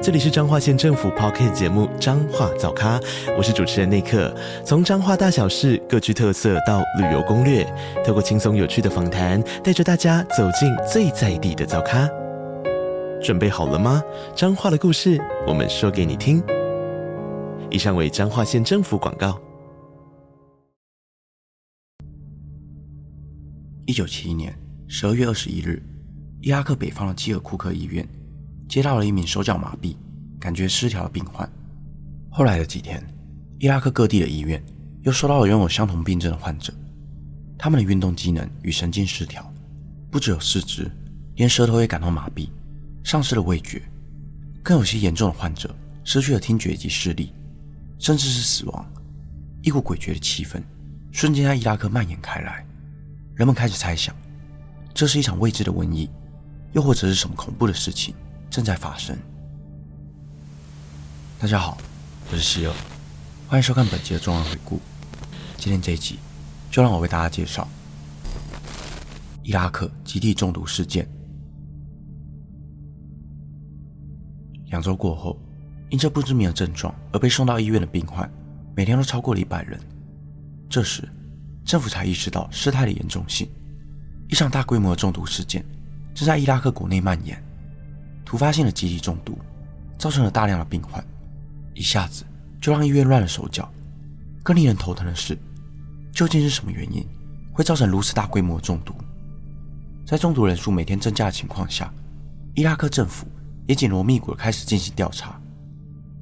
這裡是彰化縣政府 Podcast 節目《彰化早咖》，我是主持人內克。從彰化大小事各具特色到旅遊攻略，透過輕鬆有趣的訪談，帶着大家走進最在地的早咖。準備好了嗎？彰化的故事，我們說給你聽。以上為彰化縣政府廣告。一九七一年十二月二十一日，伊拉克北方的基爾庫克醫院，接到了一名手腳麻痹、感覺失調的病患。後來的幾天，伊拉克各地的醫院又收到了擁有相同病症的患者。他們的運動機能與神經失調，不只有四肢，連舌頭也感到麻痹，喪失了味覺。更有些嚴重的患者失去了聽覺及視力，甚至是死亡。一股詭譎的氣氛瞬間在伊拉克蔓延開來，人們開始猜想，這是一場未知的瘟疫，又或者是什麼恐怖的事情正在發生。大家好，我是希爾，歡迎收看本集的重案回顧。今天這一集，就讓我為大家介紹伊拉克集體中毒事件。兩週過後，因這不知名的症狀而被送到醫院的病患，每天都超過了一百人。這時，政府才意識到事態的嚴重性，一場大規模的中毒事件正在伊拉克國內蔓延。突發性的集體中毒，造成了大量的病患，一下子就讓醫院亂了手腳。更令人頭疼的是，究竟是什麼原因會造成如此大規模的中毒？在中毒人數每天增加的情況下，伊拉克政府也緊鑼密鼓地開始進行調查。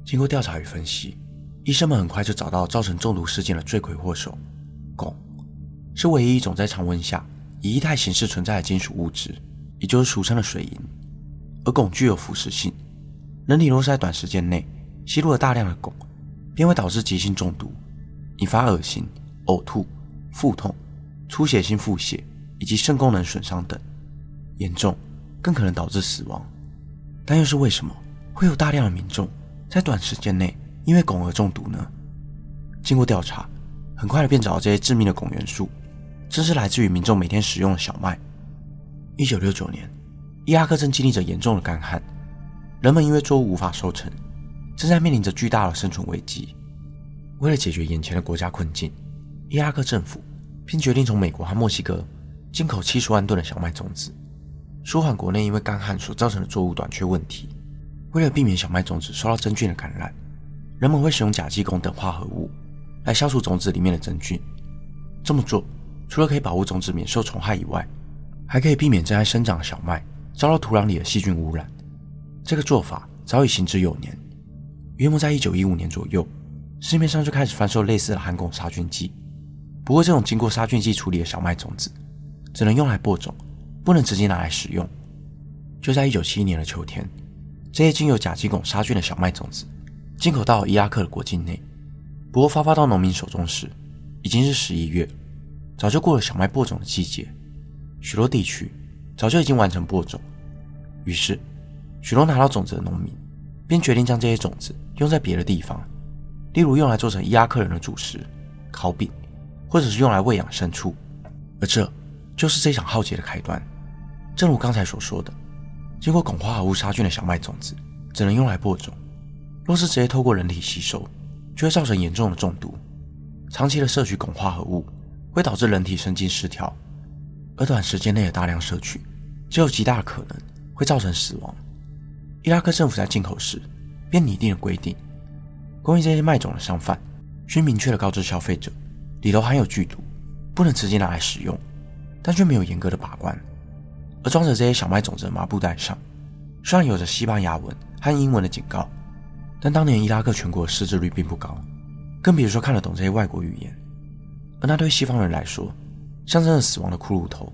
經過調查與分析，醫生們很快就找到造成中毒事件的罪魁禍首——汞，是唯一一種在常溫下以液態形式存在的金屬物質，也就是俗稱的水銀。而汞具有腐蝕性，人體若是在短時間內吸入了大量的汞，便會導致急性中毒，引發惡心、嘔吐、腹痛、出血性腹瀉以及腎功能損傷等，嚴重更可能導致死亡。但又是為什麼會有大量的民眾在短時間內因為汞而中毒呢？經過調查，很快便找到這些致命的汞元素，正是來自於民眾每天食用的小麥。1969年，伊拉克正經歷着嚴重的乾旱，人們因為作物無法收成，正在面臨着巨大的生存危機。為了解決眼前的國家困境，伊拉克政府便決定從美國和墨西哥進口七十萬噸的小麥種子，舒緩國內因為乾旱所造成的作物短缺問題。為了避免小麥種子受到真菌的感染，人們會使用甲基汞等化合物來消除種子裡面的真菌。這麼做除了可以保護種子免受蟲害以外，還可以避免正在生長的小麥。遭到土壤裡的細菌污染，這個做法早已行之有年。約莫在一九一五年左右，市面上就開始販售類似的含汞殺菌劑。不過，這種經過殺菌劑處理的小麥種子，只能用來播種，不能直接拿來使用。就在一九七一年的秋天，這些經由甲基汞殺菌的小麥種子，進口到了伊拉克的國境內。不過，發發到農民手中時，已經是十一月，早就過了小麥播種的季節。許多地區早就已經完成播種，於是許多拿到種子的農民便決定將這些種子用在別的地方，例如用來做成伊拉克人的主食烤餅，或者是用來餵養牲畜，而這就是這場浩劫的開端。正如剛才所說的，經過汞化合物殺菌的小麥種子只能用來播種，若是直接透過人體吸收，就會造成嚴重的中毒。長期的攝取汞化合物會導致人體神經失調。而短時間內的大量攝取，就有極大可能會造成死亡。伊拉克政府在進口時便擬定了規定，供應這些麥種的商販需明確地告知消費者，裡頭含有劇毒，不能直接拿來使用，但卻沒有嚴格的把關。而裝着這些小麥種子的麻布袋上，雖然有着西班牙文和英文的警告，但當年伊拉克全國識字率並不高，更別說看得懂這些外國語言。而那對西方人來說，象徵着死亡的骷髏頭，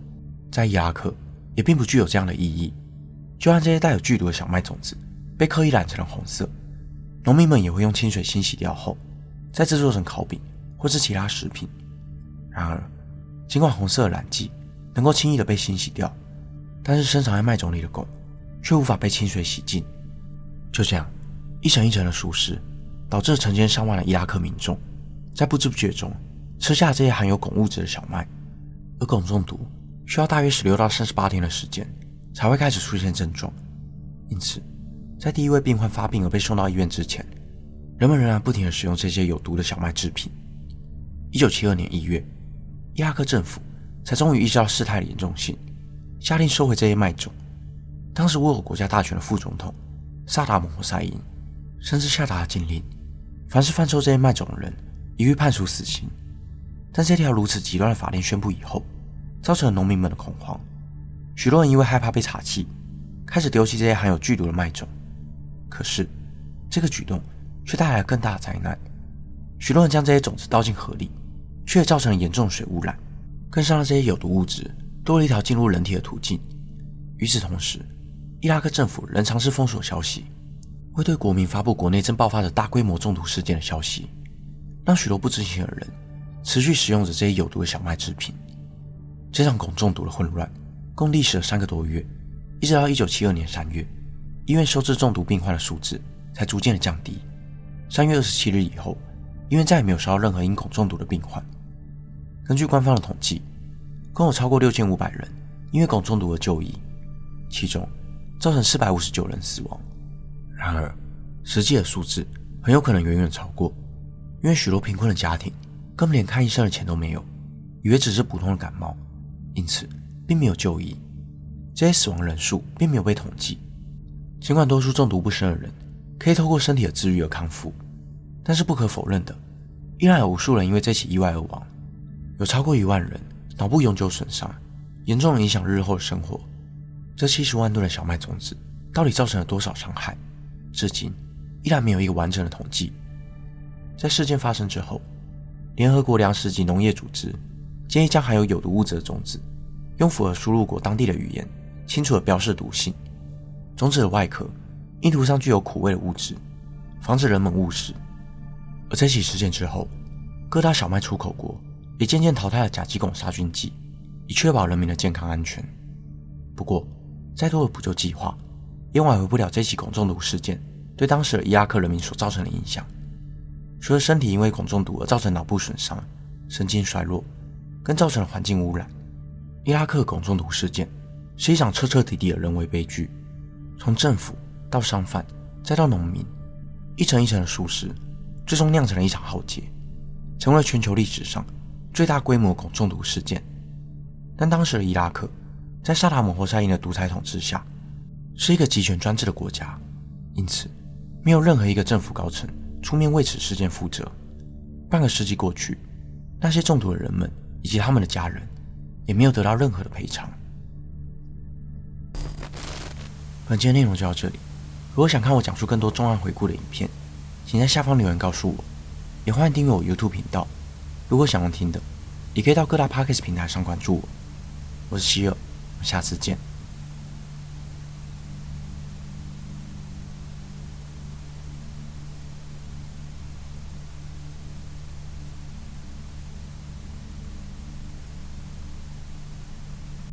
在伊拉克也並不具有這樣的意義。就像這些帶有劇毒的小麥種子被刻意染成了紅色，農民們也會用清水清洗掉後，再制作成烤餅或是其他食品。然而，儘管紅色的染劑能夠輕易的被清洗掉，但是深藏在麥種裡的汞卻無法被清水洗淨。就這樣，一層一層的疏失，導致成千上萬的伊拉克民眾在不知不覺中吃下這些含有汞物質的小麥。而汞中毒需要大約十六到三十八天的時間才會開始出現症狀，因此，在第一位病患發病而被送到醫院之前，人們仍然不停地使用這些有毒的小麥製品。一九七二年一月，伊拉克政府才終於意識到事態的嚴重性，下令收回這些麥種。當時握有國家大權的副總統薩達姆·侯賽因甚至下達了禁令：凡是販售這些麥種的人，一律判處死刑。但這條如此極端的法令宣布以後，造成了農民們的恐慌，許多人因為害怕被查緝，開始丟棄這些含有劇毒的麥種。可是，這個舉動卻帶來了更大的災難。許多人將這些種子倒進河裡，卻也造成了嚴重的水汙染，更讓這些有毒物質多了一條進入人體的途徑。與此同時，伊拉克政府仍嘗試封鎖消息，未對國民發布國內正爆發着大規模中毒事件的消息，讓許多不知情的人持續使用着這些有毒的小麥製品。這場汞中毒的混亂，共歷時了三個多月，一直到一九七二年三月，醫院收治中毒病患的數字才逐漸的降低。三月二十七日以後，醫院再也沒有收到任何因汞中毒的病患。根據官方的統計，共有超過六千五百人因為汞中毒而就醫，其中造成四百五十九人死亡。然而，實際的數字很有可能遠遠超過，因為許多貧困的家庭根本連看醫生的錢都沒有，以為只是普通的感冒。因此，並沒有就醫。這些死亡人數並沒有被統計。儘管多數中毒不深的人可以透過身體的自癒而康復，但是不可否認的，依然有無數人因為這起意外而亡。有超過一萬人腦部永久損傷，嚴重影響日後的生活。這七十萬噸的小麥種子到底造成了多少傷害？至今依然沒有一個完整的統計。在事件發生之後，聯合國糧食及農業組織，建議將含有有毒物質的種子用符合輸入國當地的語言清楚地標示毒性種子的外殼，意圖上具有苦味的物質，防止人們誤食。而這起事件之後，各大小麥出口國也漸漸淘汰了甲基汞殺菌劑，以確保人民的健康安全。不過，再多的補救計劃也挽回不了這起汞中毒事件對當時的伊拉克人民所造成的影響。除了身體因為汞中毒而造成腦部損傷、神經衰弱，更造成了環境污染。伊拉克汞中毒事件是一場徹徹底底的人為悲劇，從政府到商販再到農民，一層一層的疏失，最終釀成了一場浩劫，成為了全球歷史上最大規模汞中毒事件。但當時的伊拉克，在薩達姆·侯賽因的獨裁統治下，是一個集權專制的國家，因此沒有任何一個政府高層出面為此事件負責。半個世紀過去，那些中毒的人們。以及他們的家人也沒有得到任何的賠償。本期的內容就到這裡，如果想看我講述更多重案回顧的影片，請在下方留言告訴我，也歡迎訂閱我 YouTube 頻道。如果想要聽的，也可以到各大 Podcast 平台上關注我。我是希爾，我們下次見。